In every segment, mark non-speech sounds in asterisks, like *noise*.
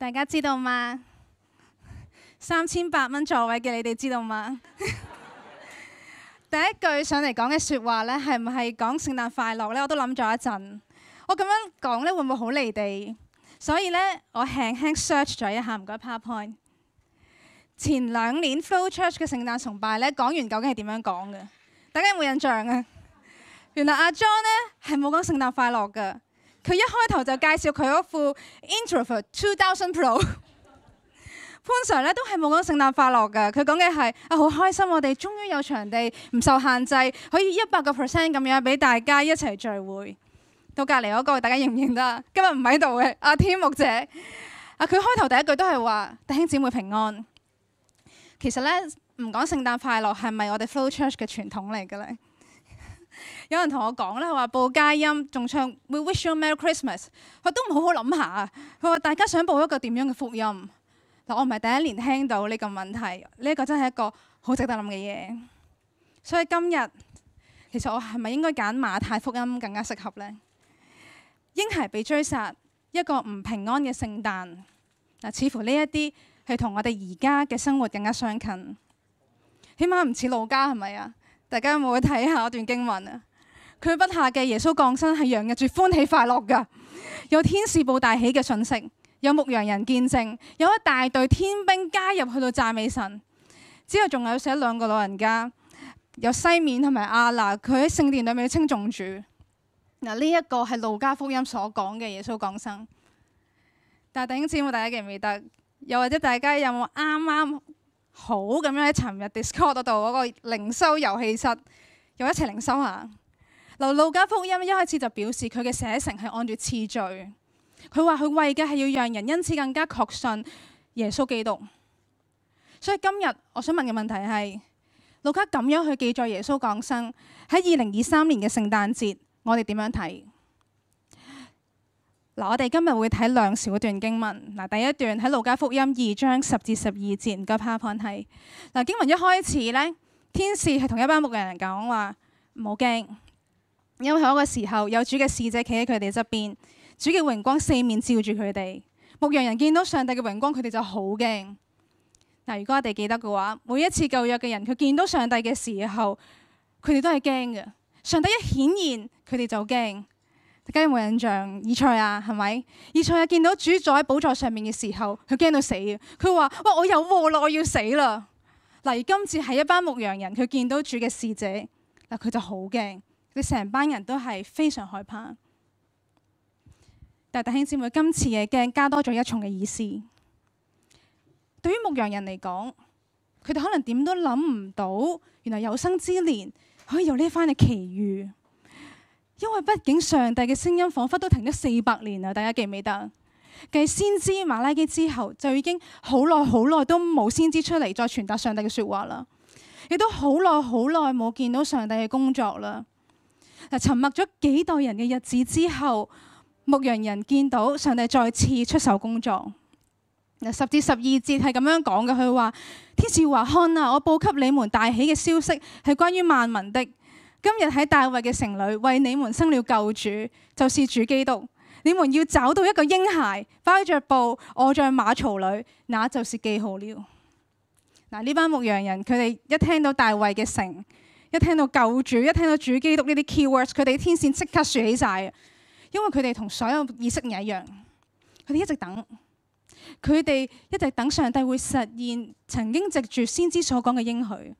大家知道嗎？三千八蚊座位嘅你哋知道嗎？ *laughs* 第一句上嚟講嘅説話呢，係唔係講聖誕快樂呢？我都諗咗一陣，我咁樣講呢，會唔會好離地？所以呢，我輕輕 search 咗一下唔該 PowerPoint，前兩年 Flow Church 嘅聖誕崇拜呢，講完究竟係點樣講嘅？大家有冇印象啊？原來阿 John 呢，係冇講聖誕快樂㗎。佢一開頭就介紹佢嗰副 Introvert 2000 Pro，通常咧都係冇講聖誕快樂㗎，佢講嘅係啊，好開心，我哋終於有場地唔受限制，可以一百個 percent 咁樣俾大家一齊聚會。到隔離嗰、那個，大家認唔認得？今日唔喺度嘅阿天木姐，啊佢、啊、開頭第一句都係話弟兄姊妹平安。其實咧唔講聖誕快樂係咪我哋 flow church 嘅傳統嚟嘅咧？有人同我講咧，佢話報佳音仲唱 We Wish You a Merry Christmas，佢都唔好好諗下。佢話大家想報一個點樣嘅福音嗱？我唔係第一年聽到呢個問題，呢一個真係一個好值得諗嘅嘢。所以今日其實我係咪應該揀馬太福音更加適合呢？嬰孩被追殺，一個唔平安嘅聖誕嗱，似乎呢一啲係同我哋而家嘅生活更加相近。起碼唔似老家係咪啊？大家有冇去睇下一段經文啊？佢筆下嘅耶穌降生係洋溢住最歡喜快樂噶有天使報大喜嘅訊息，有牧羊人見證，有一大隊天兵加入去到讚美神，之後仲有寫兩個老人家，有西面同埋亞拿，佢喺聖殿裏面稱眾主。嗱，呢一個係路加福音所講嘅耶穌降生。但係弟兄姊妹，大家記唔記得？又或者大家有冇啱啱好咁樣喺尋日 Discord 度嗰個靈修遊戲室，又一齊靈修啊？嗱，路加福音一開始就表示佢嘅寫成係按住次序。佢話佢為嘅係要讓人因此更加確信耶穌基督。所以今日我想問嘅問題係：路加咁樣去記載耶穌降生喺二零二三年嘅聖誕節，我哋點樣睇嗱？我哋今日會睇兩小段經文嗱。第一段喺路加福音二章十至十二節，個 p 拍 r a 嗱。經文一開始呢，天使係同一班牧羊人講話唔好驚。因為喺嗰個時候，有主嘅使者企喺佢哋側邊，主嘅榮光四面照住佢哋。牧羊人見到上帝嘅榮光，佢哋就好驚。嗱，如果我哋記得嘅話，每一次舊約嘅人，佢見到上帝嘅時候，佢哋都係驚嘅。上帝一顯現，佢哋就驚。大家有冇印象？以賽亞，係咪？以賽亞，見到主坐喺寶座上面嘅時候，佢驚到死啊！佢話：喂，我有禍啦，我要死啦！嗱，而今次係一班牧羊人，佢見到主嘅使者，嗱，佢就好驚。佢成班人都係非常害怕，但大兄姊妹今次嘅驚加多咗一重嘅意思。對於牧羊人嚟講，佢哋可能點都諗唔到，原來有生之年可以有呢番嘅奇遇。因為畢竟上帝嘅聲音仿佛都停咗四百年啦，大家記唔記得？繼先知馬拉基之後，就已經好耐好耐都冇先知出嚟再傳達上帝嘅說話啦，亦都好耐好耐冇見到上帝嘅工作啦。沉默咗幾代人嘅日子之後，牧羊人見到上帝再次出手工作嗱。十至十二節係咁樣講嘅，佢話：天使話：看啊，我報給你們大喜嘅消息係關於萬民的。今日喺大衛嘅城裏為你們生了救主，就是主基督。你們要找到一個嬰孩，包着布臥在馬槽裏，那就是記號了。嗱，呢班牧羊人佢哋一聽到大衛嘅城，一聽到救主，一聽到主基督呢啲 keywords，佢哋天線即刻豎起晒。因為佢哋同所有以色列一樣，佢哋一直等，佢哋一直等上帝會實現曾經藉住先知所講嘅應許。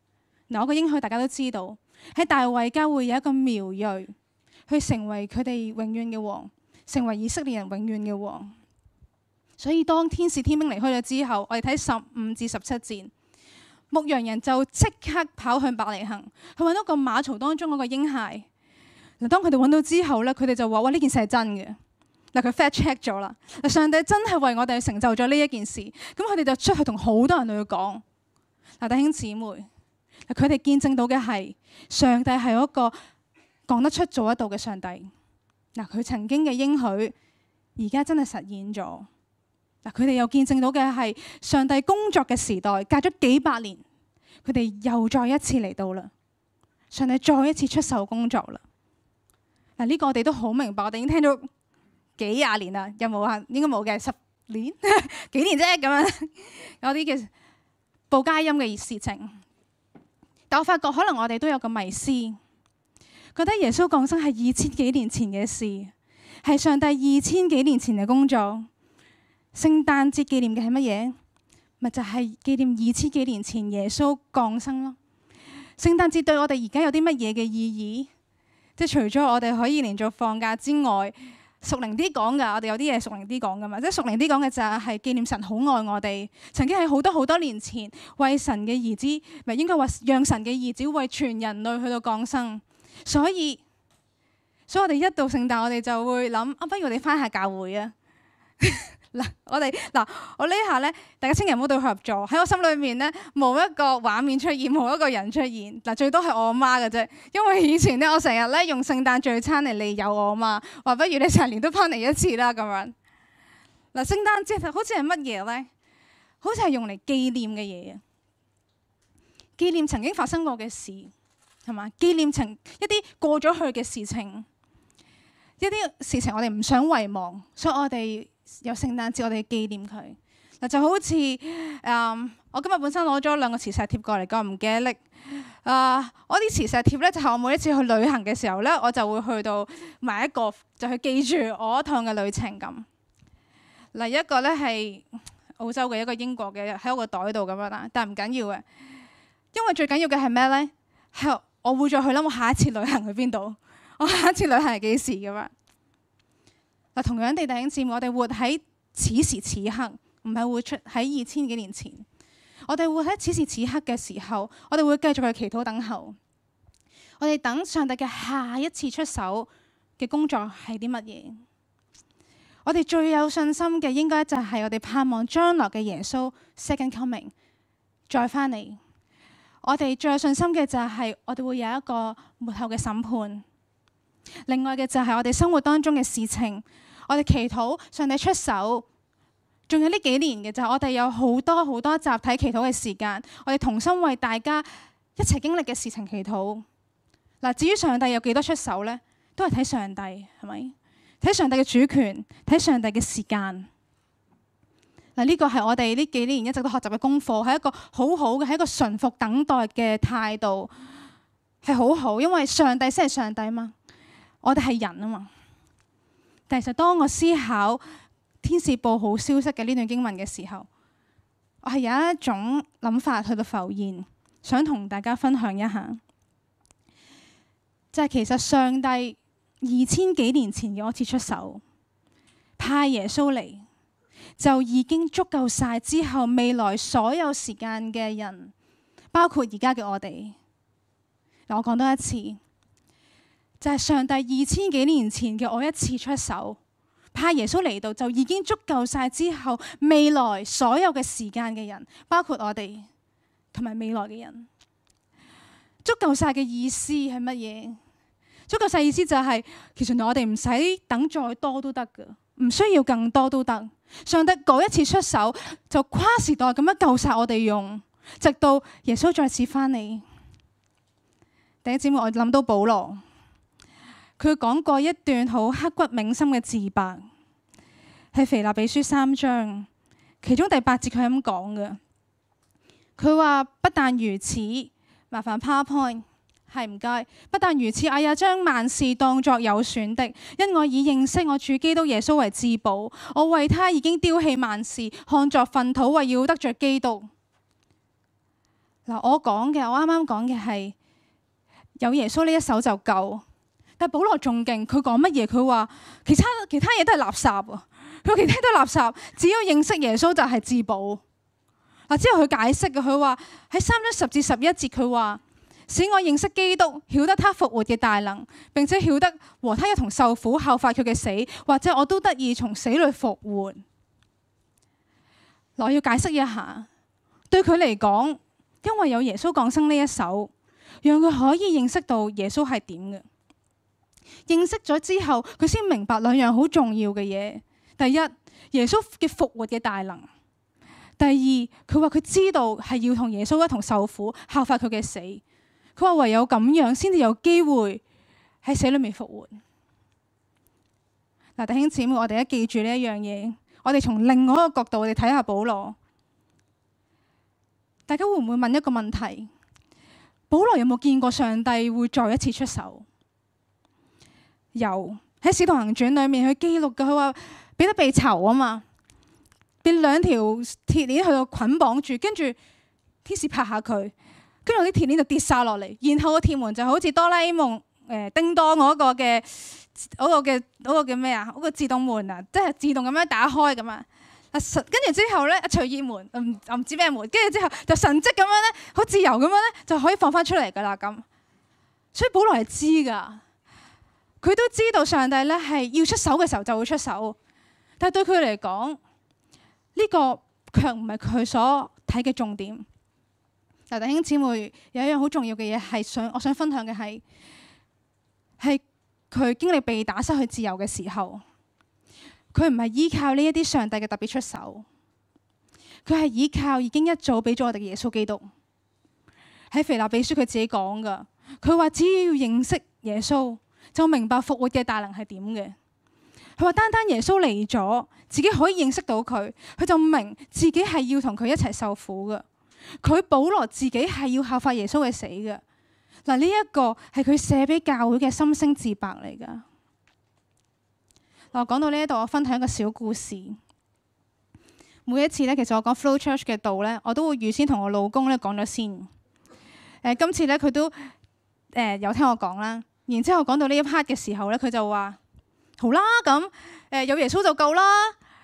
嗱，我個應許大家都知道，喺大衛家會有一個苗裔去成為佢哋永遠嘅王，成為以色列人永遠嘅王。所以當天使天兵離開咗之後，我哋睇十五至十七節。牧羊人就即刻跑向伯利恆，去揾到個馬槽當中嗰個嬰孩。嗱，當佢哋揾到之後咧，佢哋就話：哇，呢件事係真嘅。嗱，佢 fact check 咗啦。上帝真係為我哋成就咗呢一件事。咁佢哋就出去同好多人去講。嗱，弟兄姊妹，佢哋見證到嘅係上帝係一個講得出、做得到嘅上帝。嗱，佢曾經嘅應許，而家真係實現咗。嗱，佢哋又見證到嘅係上帝工作嘅時代，隔咗幾百年，佢哋又再一次嚟到啦。上帝再一次出手工作啦。嗱，呢個我哋都好明白，我哋已經聽到幾廿年啦，又有冇啊？應該冇嘅，十年、 *laughs* 幾年啫咁樣，有啲嘅報佳音嘅事情。但我發覺，可能我哋都有個迷思，覺得耶穌降生係二千幾年前嘅事，係上帝二千幾年前嘅工作。聖誕節紀念嘅係乜嘢？咪就係、就係，紀念二千幾年前耶穌降生咯。聖誕節對我哋而家有啲乜嘢嘅意義？即係除咗我哋可以連續放假之外，屬靈啲講㗎，我哋有啲嘢屬靈啲講㗎嘛。即係屬靈啲講嘅就係紀念神好愛我哋，曾經喺好多好多年前為神嘅兒子咪應該話讓神嘅兒子為全人類去到降生，所以所以我哋一到聖誕，我哋就會諗啊，不如我哋返下教會啊。 *laughs* 嗱，我哋嗱，我呢下咧，大家千祈唔好對佢合作。喺我心裏面咧，冇一個畫面出現，冇一個人出現。嗱，最多係我阿媽嘅啫，因為以前咧，我成日咧用聖誕聚餐嚟利誘我阿媽，話不如你成年都翻嚟一次啦咁樣。嗱，聖誕節好似係乜嘢咧？好似係用嚟紀念嘅嘢啊，紀念曾經發生過嘅事，係嘛？紀念曾一啲過咗去嘅事情，一啲事情我哋唔想遺忘，所以我哋。有聖誕節我哋紀念佢嗱就好似誒、嗯，我今日本身攞咗兩個磁石貼過嚟，我唔記得拎誒、嗯，我啲磁石貼咧就係我每一次去旅行嘅時候咧，我就會去到買一個，就去記住我一趟嘅旅程咁。嗱、嗯、一個咧係澳洲嘅，一個英國嘅喺我個袋度咁樣啦，但係唔緊要嘅，因為最緊要嘅係咩咧？係我，我會再去諗我下一次旅行去邊度，我下一次旅行係幾時咁樣！同樣地頂，電影節我哋活喺此時此刻，唔係會出喺二千幾年前。我哋活喺此時此刻嘅時候，我哋會繼續去祈禱等候。我哋等上帝嘅下一次出手嘅工作係啲乜嘢？我哋最有信心嘅應該就係我哋盼望將來嘅耶穌 Second Coming 再翻嚟。我哋最有信心嘅就係我哋會有一個末後嘅審判。另外嘅就係我哋生活當中嘅事情。我哋祈禱，上帝出手，仲有呢幾年嘅就我哋有好多好多集體祈禱嘅時間，我哋同心為大家一齊經歷嘅事情祈禱。嗱，至於上帝有幾多出手呢？都係睇上帝係咪睇上帝嘅主權，睇上帝嘅時間。嗱，呢個係我哋呢幾年一直都學習嘅功課，係一個好好嘅，係一個順服等待嘅態度，係好好，因為上帝先係上帝嘛，我哋係人啊嘛。但其實當我思考「天使報好消息」嘅呢段經文嘅時候，我係有一種諗法去到浮現，想同大家分享一下，就係其實上帝二千幾年前嘅一次出手，派耶穌嚟，就已經足夠晒之後未來所有時間嘅人，包括而家嘅我哋。嗱，我講多一次。就係上帝二千幾年前嘅我一次出手，派耶穌嚟到，就已經足夠晒之後未來所有嘅時間嘅人，包括我哋同埋未來嘅人，足夠晒嘅意思係乜嘢？足夠晒意思就係、是、其實我哋唔使等再多都得㗎，唔需要更多都得。上帝嗰一次出手就跨時代咁樣救晒我哋用，直到耶穌再次翻嚟。第一節目我諗到保羅。佢講過一段好刻骨銘心嘅自白，係《腓立比書》三章，其中第八節佢係咁講嘅。佢話：不但如此，麻煩 PowerPoint，係唔該。不但如此，我、哎、也將萬事當作有損的，因我已認識我主基督耶穌為至寶。我為他已經丟棄萬事，看作糞土，為要得着基督。嗱，我講嘅，我啱啱講嘅係有耶穌呢一手就夠。但保羅仲勁，佢講乜嘢？佢話其他其他嘢都係垃圾啊！佢其他都係垃圾，只要認識耶穌就係自保嗱。之後佢解釋嘅，佢話喺三章十至十一節，佢話使我認識基督，曉得他復活嘅大能，並且曉得和他一同受苦，效法佢嘅死，或者我都得以從死裏復活。我要解釋一下，對佢嚟講，因為有耶穌降生呢一手，讓佢可以認識到耶穌係點嘅。認識咗之後，佢先明白兩樣好重要嘅嘢。第一，耶穌嘅復活嘅大能；第二，佢話佢知道係要同耶穌一同受苦，效法佢嘅死。佢話唯有咁樣先至有機會喺死裏面復活。嗱，弟兄姊妹，我哋而家記住呢一樣嘢。我哋從另外一個角度，我哋睇下保羅。大家會唔會問一個問題？保羅有冇見過上帝會再一次出手？由喺《使徒行傳》裏面，去記錄嘅佢話彼得被囚啊嘛，被兩條鐵鏈去到捆綁住，跟住天使拍下佢，跟住嗰啲鐵鏈就跌晒落嚟，然後個鐵門就好似哆啦 A 夢誒、呃、叮噹嗰個嘅嗰、嗰個嘅嗰、嗰個叫咩啊？嗰、嗰個嗰個嗰個自動門啊，即係自動咁樣打開咁啊！神跟住之後咧，隨意門唔唔、呃、知咩門，跟住之後就神跡咁樣咧，好自由咁樣咧就可以放翻出嚟噶啦咁。所以保羅係知㗎。佢都知道上帝呢係要出手嘅時候就會出手，但對佢嚟講呢個卻唔係佢所睇嘅重點。但弟兄姊妹有一樣好重要嘅嘢係想我想分享嘅係，係佢經歷被打失去自由嘅時候，佢唔係依靠呢一啲上帝嘅特別出手，佢係依靠已經一早俾咗我哋嘅耶穌基督，喺《腓立比書》佢自己講噶，佢話只要認識耶穌。就明白復活嘅大能係點嘅。佢話單單耶穌嚟咗，自己可以認識到佢，佢就明自己係要同佢一齊受苦嘅。佢保羅自己係要效法耶穌嘅死嘅。嗱呢一個係佢寫俾教會嘅心聲自白嚟噶。嗱我講到呢一度，我分享一個小故事。每一次咧，其實我講 Flow Church 嘅道咧，我都會預先同我老公咧講咗先講。誒、呃、今次咧，佢都誒、呃、有聽我講啦。然之後講到呢一 part 嘅時候咧，佢就話：好啦咁，誒有耶穌就夠啦，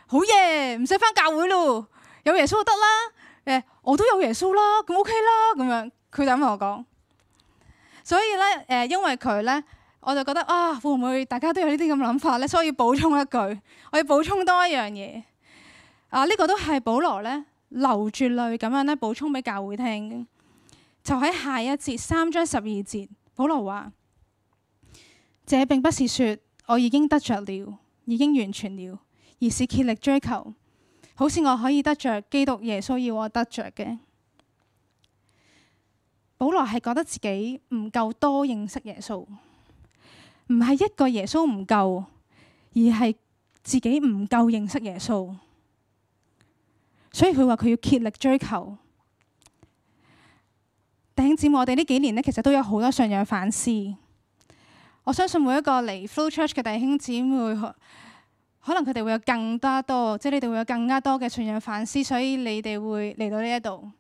好嘢，唔使翻教會咯，有耶穌就得啦。誒，我都有耶穌啦，咁 OK 啦，咁樣佢就咁同我講。所以咧，誒，因為佢咧，我就覺得啊，會唔會大家都有呢啲咁嘅諗法咧？所以要補充一句，我要補充多一樣嘢。啊，呢、呢個都係保羅咧，流住淚咁樣咧，補充俾教會聽。就喺下一節三章十二節，保羅話。這並不是說我已經得着了，已經完全了，而是竭力追求，好似我可以得着基督耶穌要我得着嘅。保羅係覺得自己唔夠多認識耶穌，唔係一個耶穌唔夠，而係自己唔夠認識耶穌，所以佢話佢要竭力追求。弟兄姊妹，我哋呢幾年咧，其實都有好多信仰反思。我相信每一個嚟 Flow Church 嘅弟兄姊妹，可能佢哋會有更加多，即係你哋會有更加多嘅信仰反思，所以你哋會嚟到呢一度。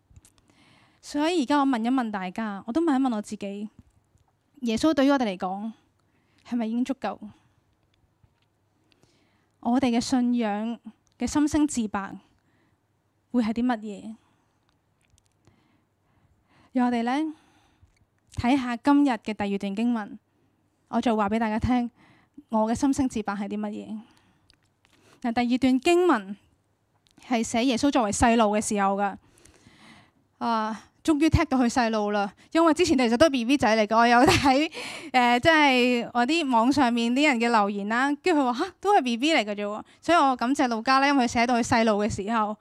所以而家我問一問大家，我都問一問我自己：耶穌對於我哋嚟講係咪已經足夠？我哋嘅信仰嘅心聲自白會係啲乜嘢？讓我哋咧睇下今日嘅第二段經文。我就話俾大家聽，我嘅心聲自白係啲乜嘢？嗱，第二段經文係寫耶穌作為細路嘅時候噶，啊，終於聽到佢細路啦。因為之前其實都係 B B 仔嚟嘅，我有睇誒，即、呃、係、就是、我啲網上面啲人嘅留言啦。跟住佢話嚇，都係 B B 嚟嘅啫，所以我感謝路加，咧，因為佢寫到佢細路嘅時候。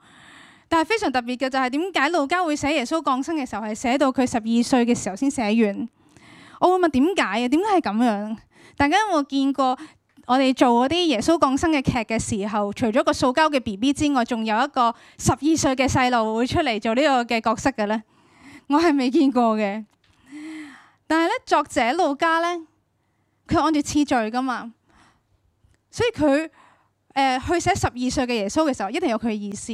但係非常特別嘅就係點解路加會寫耶穌降生嘅時候係寫到佢十二歲嘅時候先寫完？我會問點解啊？點解係咁樣？大家有冇見過我哋做嗰啲耶穌降生嘅劇嘅時候，除咗個塑膠嘅 B B 之外，仲有一個十二歲嘅細路會出嚟做呢個嘅角色嘅咧？我係未見過嘅。但係咧，作者路加咧，佢按住次序噶嘛，所以佢誒、呃、去寫十二歲嘅耶穌嘅時候，一定有佢意思。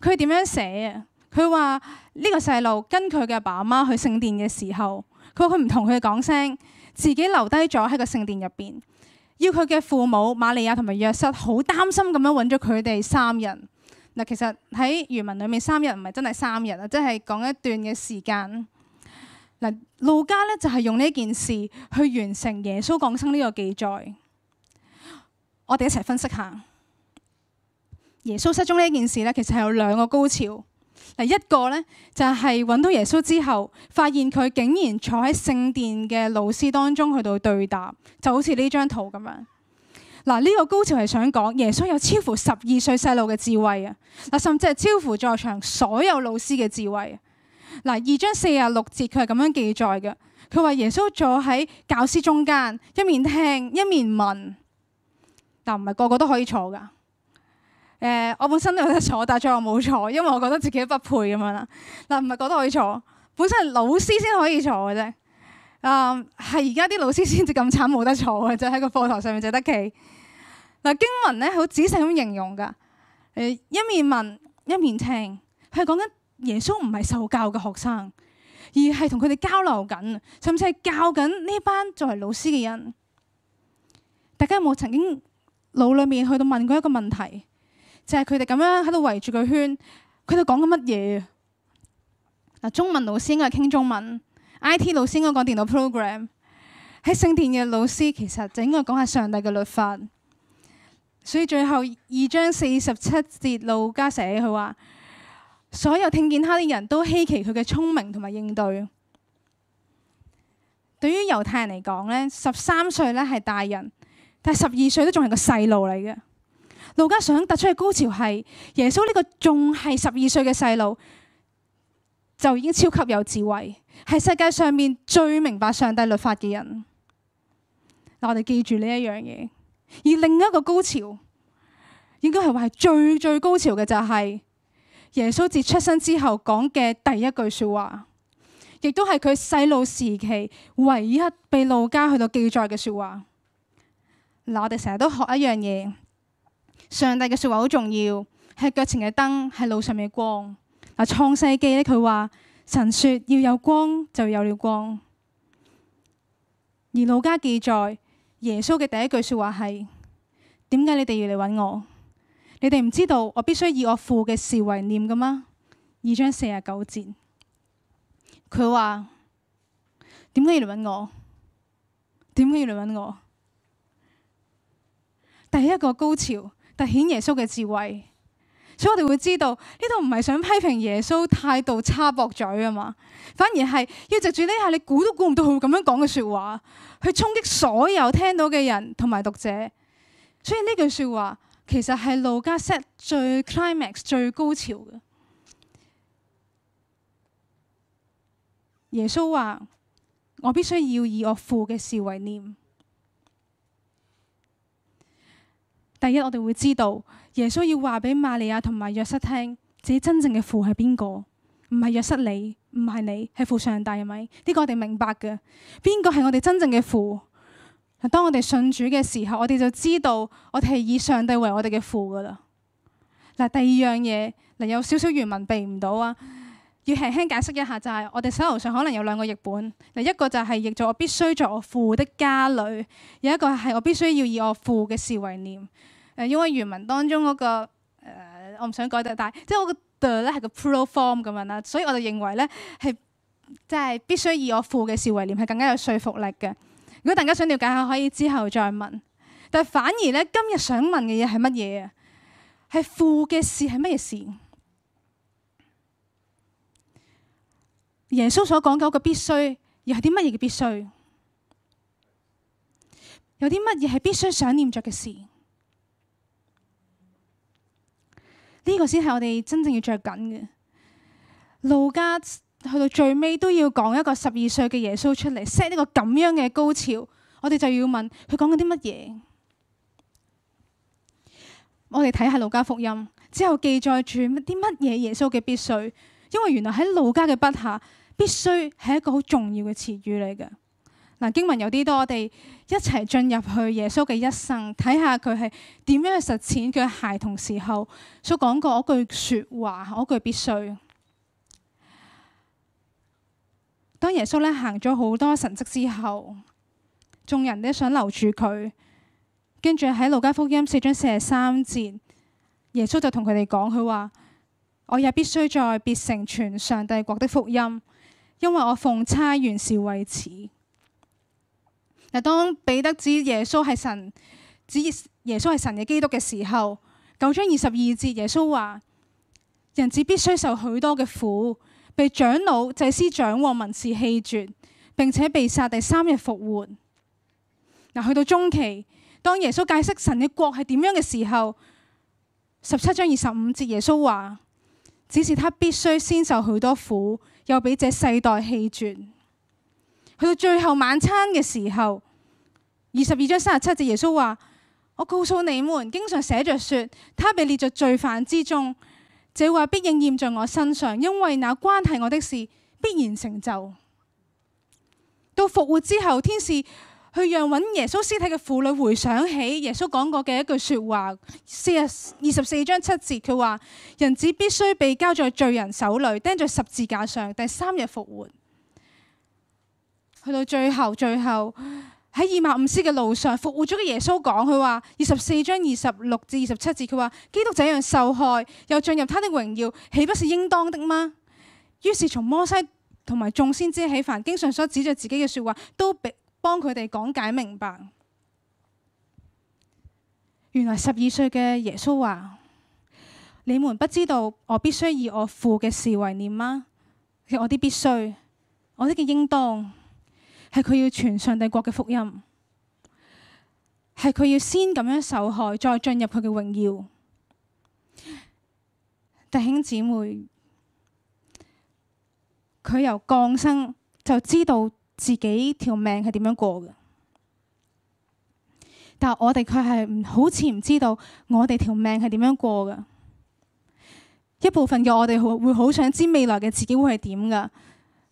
佢點樣寫啊？佢話呢個細路跟佢嘅爸媽去聖殿嘅時候。佢佢唔同佢哋講聲，自己留低咗喺個聖殿入邊，要佢嘅父母瑪利亞同埋約瑟好擔心咁樣揾咗佢哋三人。嗱，其實喺原文裏面三日唔係真係三日啊，即係講一段嘅時間。嗱，路加咧就係用呢件事去完成耶穌降生呢個記載。我哋一齊分析下耶穌失蹤呢件事咧，其實係有兩個高潮。嗱，一個咧就係揾到耶穌之後，發現佢竟然坐喺聖殿嘅老師當中去到對答，就好似呢張圖咁樣。嗱，呢個高潮係想講耶穌有超乎十二歲細路嘅智慧啊！嗱，甚至係超乎在場所有老師嘅智慧。嗱，二章四十六節佢係咁樣記載嘅，佢話耶穌坐喺教師中間，一面聽一面問，但唔係個個都可以坐㗎。誒、呃，我本身都有得坐，但最後冇坐，因為我覺得自己不配咁樣啦。嗱，唔係覺得可以坐，本身係老師先可以坐嘅啫。啊、呃，係而家啲老師先至咁慘，冇得坐嘅，就喺個課堂上面就得企。嗱、呃，經文咧好仔細咁形容噶，誒、呃、一面問一面聽，佢講緊耶穌唔係受教嘅學生，而係同佢哋交流緊，甚至係教緊呢班作為老師嘅人。大家有冇曾經腦裡面去到問過一個問題？就係佢哋咁樣喺度圍住個圈，佢哋講緊乜嘢啊？嗱，中文老師應該傾中文 *music* ，IT 老師應該講電腦 program，喺聖殿嘅老師其實就應該講下上帝嘅律法。所以最後二章四十七節路加寫佢話：所有聽見他啲人都希奇佢嘅聰明同埋應對。對於猶太人嚟講咧，十三歲咧係大人，但係十二歲都仲係個細路嚟嘅。路加想突出嘅高潮係耶穌呢個仲係十二歲嘅細路，就已經超級有智慧，係世界上面最明白上帝律法嘅人。嗱，我哋記住呢一樣嘢。而另一個高潮，應該係話係最最高潮嘅，就係耶穌自出生之後講嘅第一句說話，亦都係佢細路時期唯一被路加去到記載嘅說話。嗱，我哋成日都學一樣嘢。上帝嘅說話好重要，係腳前嘅燈，係路上嘅光。嗱，創世記咧，佢話神說要有光，就有了光。而路加記載耶穌嘅第一句說話係：點解你哋要嚟搵我？你哋唔知道我必須以我父嘅事為念嘅嗎？二章四十九節，佢話：點解要嚟搵我？點解要嚟搵我？第一個高潮。凸顯耶穌嘅智慧，所以我哋會知道呢度唔係想批評耶穌態度差駁嘴啊嘛，反而係要藉住呢下你估都估唔到佢會咁樣講嘅說話，去衝擊所有聽到嘅人同埋讀者。所以呢句說話其實係路加 set 最 climax 最高潮嘅。耶穌話：我必須要以我父嘅事為念。第一，我哋會知道耶穌要話俾瑪利亞同埋約瑟聽，自己真正嘅父係邊個，唔係約瑟你，唔係你，係父上帝係咪？呢個我哋明白嘅。邊個係我哋真正嘅父？當我哋信主嘅時候，我哋就知道我哋係以上帝為我哋嘅父噶啦。嗱，第二樣嘢，嗱有少少原文避唔到啊。要輕輕解釋一下，就係、是、我哋手頭上可能有兩個譯本，嗱一個就係譯做我必須在我父的家裏，有一個係我必須要以我父嘅事為念。誒、呃，因為原文當中嗰、那個、呃、我唔想改得太大即係我覺得咧係個 proform 咁樣啦，所以我就認為咧係即係必須以我父嘅事為念係更加有說服力嘅。如果大家想了解下，可以之後再問。但反而咧，今日想問嘅嘢係乜嘢啊？係父嘅事係乜嘢事？耶穌所講嘅一個必須，又係啲乜嘢嘅必須？有啲乜嘢係必須想念着嘅事？呢個先係我哋真正要着緊嘅。路加去到最尾都要講一個十二歲嘅耶穌出嚟 set 呢個咁樣嘅高潮，我哋就要問佢講緊啲乜嘢？我哋睇下路加福音之後記載住啲乜嘢耶穌嘅必須，因為原來喺路加嘅筆下。必須係一個好重要嘅詞語嚟嘅。嗱，經文有啲多，我哋一齊進入去耶穌嘅一生，睇下佢係點樣去實踐佢喺孩童時候所講過嗰句說話，嗰句必須。當耶穌咧行咗好多神迹之後，眾人都想留住佢，跟住喺路加福音四章四十三節，耶穌就同佢哋講，佢話：我也必須在別城傳上帝國的福音，因為我奉差原是為此。嗱，當彼得指耶穌係神，指耶穌係神嘅基督嘅時候，九章二十二節，耶穌話：人子必須受許多嘅苦，被長老、祭司長、文士棄絕，並且被殺，第三日復活。嗱，去到中期，當耶穌解釋神嘅國係點樣嘅時候，十七章二十五節，耶穌話：只是他必須先受許多苦。又俾這世代棄絕，去到最後晚餐嘅時候，二十二章三十七節，耶穌話：我告訴你們，經常寫着說，他被列在罪犯之中，這話必應驗在我身上，因為那關係我的事必然成就。到復活之後，天使。去讓揾耶穌屍體嘅婦女回想起耶穌講過嘅一句説話，四日二十四章七節，佢話：人子必須被交在罪人手裏，釘在十字架上，第三日復活。去到最後，最後喺以馬忤斯嘅路上復活咗嘅耶穌講：佢話二十四章二十六至二十七節，佢話：基督這樣受害，又進入他的榮耀，豈不是應當的嗎？於是從摩西同埋眾先知起，凡經上所指著自己嘅説話，都被。幫佢哋講解明白，原來十二歲嘅耶穌話：「你們不知道我必須以我父嘅事為念嗎？我啲必須，我啲嘅應當，係佢要傳上帝國嘅福音，係佢要先咁樣受害，再進入佢嘅榮耀。弟兄姊妹，佢由降生就知道。自己條命係點樣過嘅。但係我哋卻係唔好似唔知道我哋條命係點樣過嘅。一部分嘅我哋會好想知未來嘅自己會係點噶。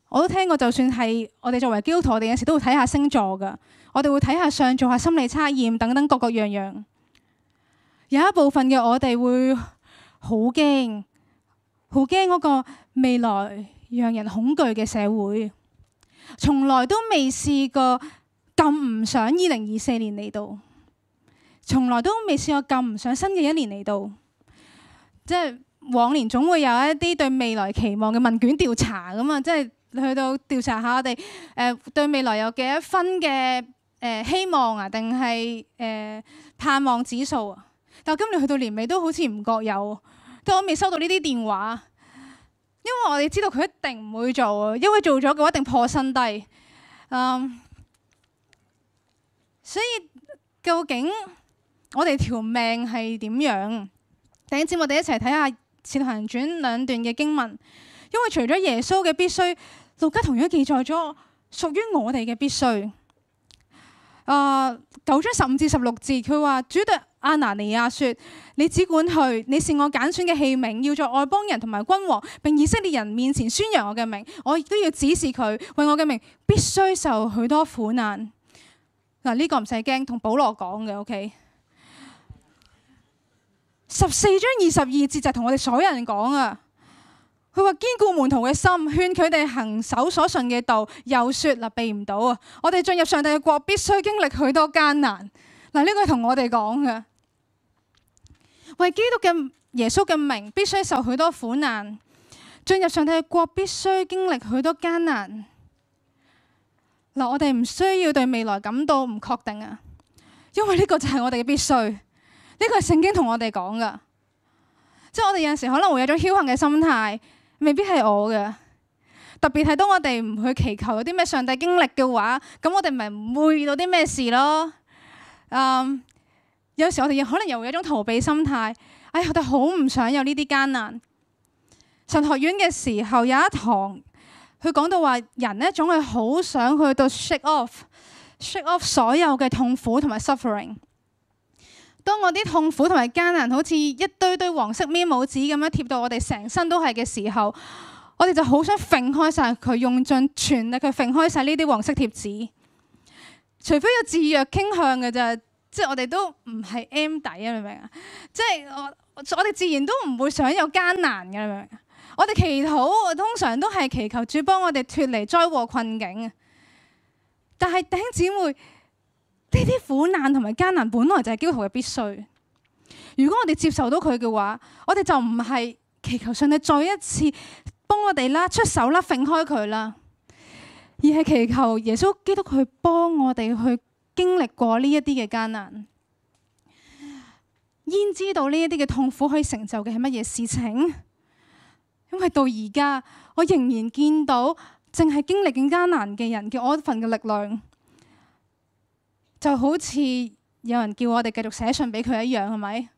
我都聽過，就算係我哋作為基督徒，我哋有時都會睇下星座噶。我哋會睇下相，做下心理測驗等等各各樣樣。有一部分嘅我哋會好驚，好驚嗰個未來讓人恐懼嘅社會。從來都未試過咁唔想。二零二四年嚟到，從來都未試過咁唔想。新嘅一年嚟到。即係往年總會有一啲對未來期望嘅問卷調查咁啊，即係去到調查下我哋誒、呃、對未來有幾多分嘅誒、呃、希望啊，定係誒盼望指數啊。但今年去到年尾都好似唔覺有，但我未收到呢啲電話。因為我哋知道佢一定唔會做，因為做咗嘅話一定破身低。Um, 所以究竟我哋條命係點樣？等陣我哋一齊睇下《使徒行傳》兩段嘅經文，因為除咗耶穌嘅必須，路加同樣記載咗屬於我哋嘅必須。九、uh, 章十五至十六字，佢話主對。阿拿尼亞說：你只管去，你是我揀選嘅器皿，要在外邦人同埋君王並以色列人面前宣揚我嘅名，我亦都要指示佢，為我嘅名必須受許多苦難。嗱、啊、呢、這個唔使驚，同保羅講嘅，OK。十四章二十二節就同我哋所有人講啊，佢話堅固門徒嘅心，勸佢哋行守所信嘅道。又說嗱，避唔到啊，我哋進入上帝嘅國必須經歷許多艱難。嗱，呢個係同我哋講嘅，為基督嘅耶穌嘅名，必須受許多苦難，進入上帝嘅國，必須經歷許多艱難。嗱，我哋唔需要對未來感到唔確定啊，因為呢個就係我哋嘅必須，呢個係聖經同我哋講嘅。即係我哋有陣時可能會有種僥倖嘅心態，未必係我嘅。特別係當我哋唔去祈求有啲咩上帝經歷嘅話，咁我哋咪唔會遇到啲咩事咯。嗯，um, 有時我哋可能又會有一種逃避心態。哎呀，我哋好唔想有呢啲艱難。神學院嘅時候有一堂，佢講到話人呢，總係好想去到 shake off shake off 所有嘅痛苦同埋 suffering。當我啲痛苦同埋艱難好似一堆堆黃色 memo 紙咁樣貼到我哋成身都係嘅時候，我哋就好想揈開晒佢，用盡全力去揈開晒呢啲黃色貼紙。除非有自虐傾向嘅咋，即係我哋都唔係 M 底啊，你明唔明啊？即係我我哋自然都唔會想有艱難嘅，你明唔明啊？我哋祈禱，通常都係祈求主幫我哋脱離災禍困境。但係弟兄姊妹，呢啲苦難同埋艱難本來就係基督徒嘅必須。如果我哋接受到佢嘅話，我哋就唔係祈求上帝再一次幫我哋啦，出手啦，揈開佢啦。而係祈求耶穌基督去幫我哋去經歷過呢一啲嘅艱難，先知道呢一啲嘅痛苦可以成就嘅係乜嘢事情？因為到而家我仍然見到淨係經歷緊艱難嘅人嘅我一份嘅力量，就好似有人叫我哋繼續寫信俾佢一樣，係咪？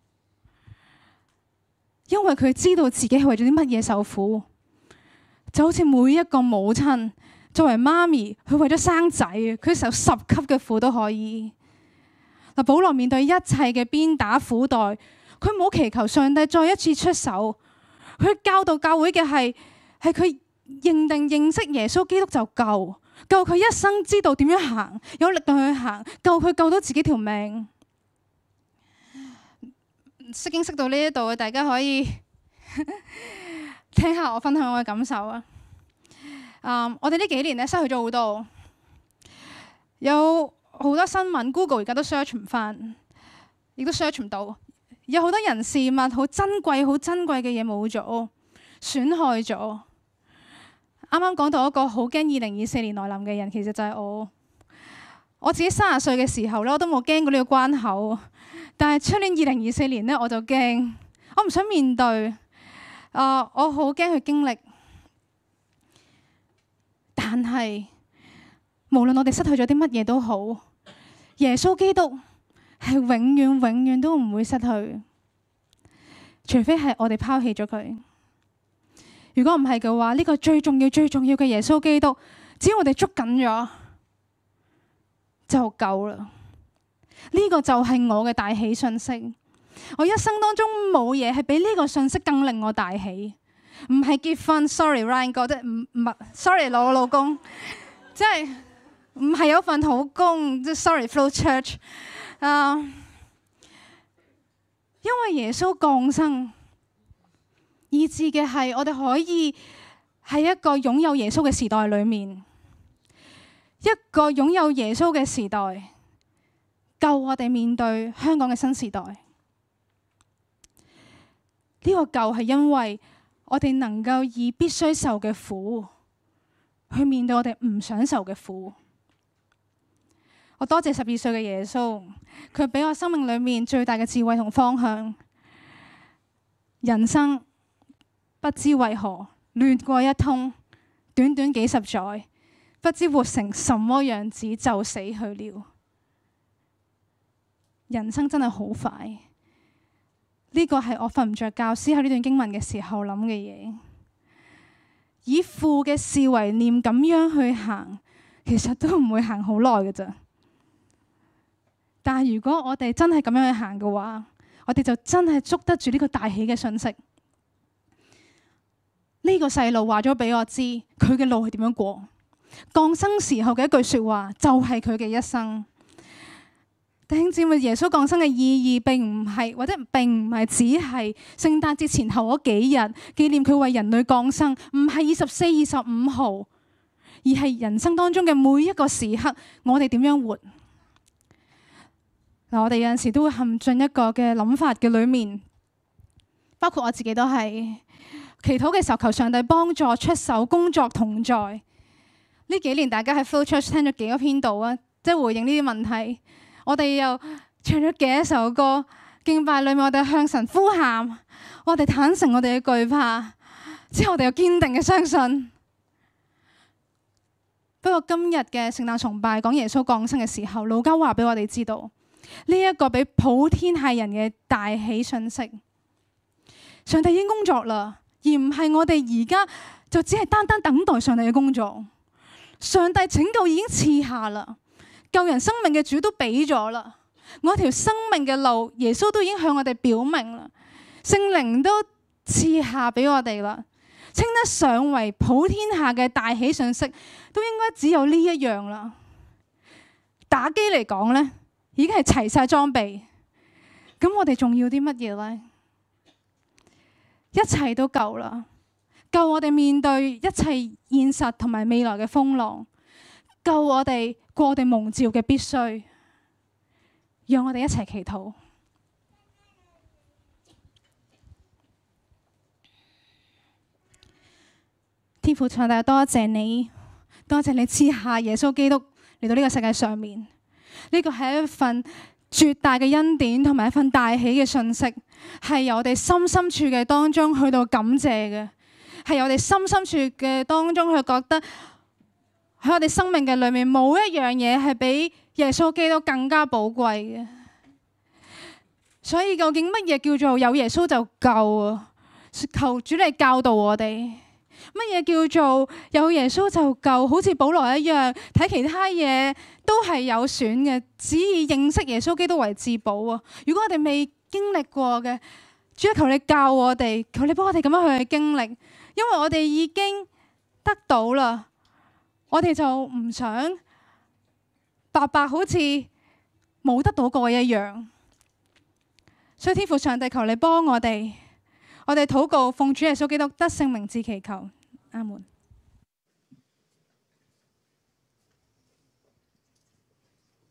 因為佢知道自己係為咗啲乜嘢受苦，就好似每一個母親。作為媽咪，佢為咗生仔，佢受十級嘅苦都可以。嗱，保羅面對一切嘅鞭打苦待，佢冇祈求上帝再一次出手。佢教導教會嘅係，係佢認定認識耶穌基督就救，救佢一生知道點樣行，有力量去行，救佢救到自己條命。識經識到呢一度啊，大家可以 *laughs* 聽下我分享我嘅感受啊！啊！Um, 我哋呢幾年咧失去咗好多，有好多新聞，Google 而家都 search 唔翻，亦都 search 唔到。有好多人事物好珍貴、好珍貴嘅嘢冇咗，損害咗。啱啱講到一個好驚二零二四年來臨嘅人，其實就係我。我自己三十歲嘅時候咧，我都冇驚過呢個關口。但係出年二零二四年咧，我就驚，我唔想面對。啊、呃！我好驚去經歷。但係，無論我哋失去咗啲乜嘢都好，耶穌基督係永遠永遠都唔會失去，除非係我哋拋棄咗佢。如果唔係嘅話，呢個最重要最重要嘅耶穌基督，只要我哋捉緊咗就夠啦。呢個就係我嘅大喜訊息。我一生當中冇嘢係比呢個信息更令我大喜。唔係結婚，sorry，Ryan 哥，即係唔唔係，sorry，我老公，即係唔係有份好工，即係 sorry，flow church 啊，uh，因為耶穌降生，以致嘅係我哋可以喺一個擁有耶穌嘅時代裏面，一個擁有耶穌嘅時代，救我哋面對香港嘅新時代。呢個救係因為。我哋能夠以必須受嘅苦去面對我哋唔想受嘅苦。我多謝十二歲嘅耶穌，佢俾我生命裏面最大嘅智慧同方向。人生不知為何亂過一通，短短幾十載，不知活成什麼樣子就死去了。人生真係好快。呢個係我瞓唔着覺思考呢段經文嘅時候諗嘅嘢，以父嘅事為念，咁樣去行，其實都唔會行好耐嘅咋。但係，如果我哋真係咁樣去行嘅話，我哋就真係捉得住呢個大喜嘅信息。呢、這個細路話咗俾我知，佢嘅路係點樣過。降生時候嘅一句説話，就係佢嘅一生。弟兄姊妹，耶穌降生嘅意義並唔係，或者並唔係只係聖誕節前後嗰幾日紀念佢為人類降生，唔係二十四、二十五號，而係人生當中嘅每一個時刻，我哋點樣活嗱？我哋有陣時都會陷進一個嘅諗法嘅裡面，包括我自己都係祈禱嘅時候求上帝幫助出手工作同在。呢幾年大家喺 flow church 聽咗幾多篇道啊？即係回應呢啲問題。我哋又唱咗幾首歌，敬拜裏面我哋向神呼喊，我哋坦誠我哋嘅懼怕，之後我哋又堅定嘅相信。不過今日嘅聖誕崇拜講耶穌降生嘅時候，路加話俾我哋知道呢一個俾普天下人嘅大喜信息，上帝已經工作啦，而唔係我哋而家就只係單單等待上帝嘅工作。上帝拯救已經賜下啦。救人生命嘅主都俾咗啦，我條生命嘅路，耶穌都已經向我哋表明啦，聖靈都賜下俾我哋啦，稱得上為普天下嘅大喜訊息，都應該只有呢一樣啦。打機嚟講咧，已經係齊晒裝備，咁我哋仲要啲乜嘢咧？一切都夠啦，夠我哋面對一切現實同埋未來嘅風浪。救我哋過地蒙召嘅必須，讓我哋一齊祈禱。天父上帝，多謝你，多謝你賜下，耶穌基督嚟到呢個世界上面，呢個係一份絕大嘅恩典，同埋一份大喜嘅訊息，係由我哋心深，深處嘅當中去到感謝嘅，係由我哋心深，深處嘅當中去覺得。喺我哋生命嘅裏面，冇一樣嘢係比耶穌基督更加寶貴嘅。所以究竟乜嘢叫做有耶穌就夠啊？求主你教導我哋，乜嘢叫做有耶穌就夠？好似保羅一樣，睇其他嘢都係有損嘅，只以認識耶穌基督為至寶啊！如果我哋未經歷過嘅，主啊，求你教我哋，求你幫我哋咁樣去經歷，因為我哋已經得到啦。我哋就唔想白白好似冇得到過一樣，所以天父上帝，求你幫我哋，我哋禱告奉主耶穌基督得聖名字祈求，阿門。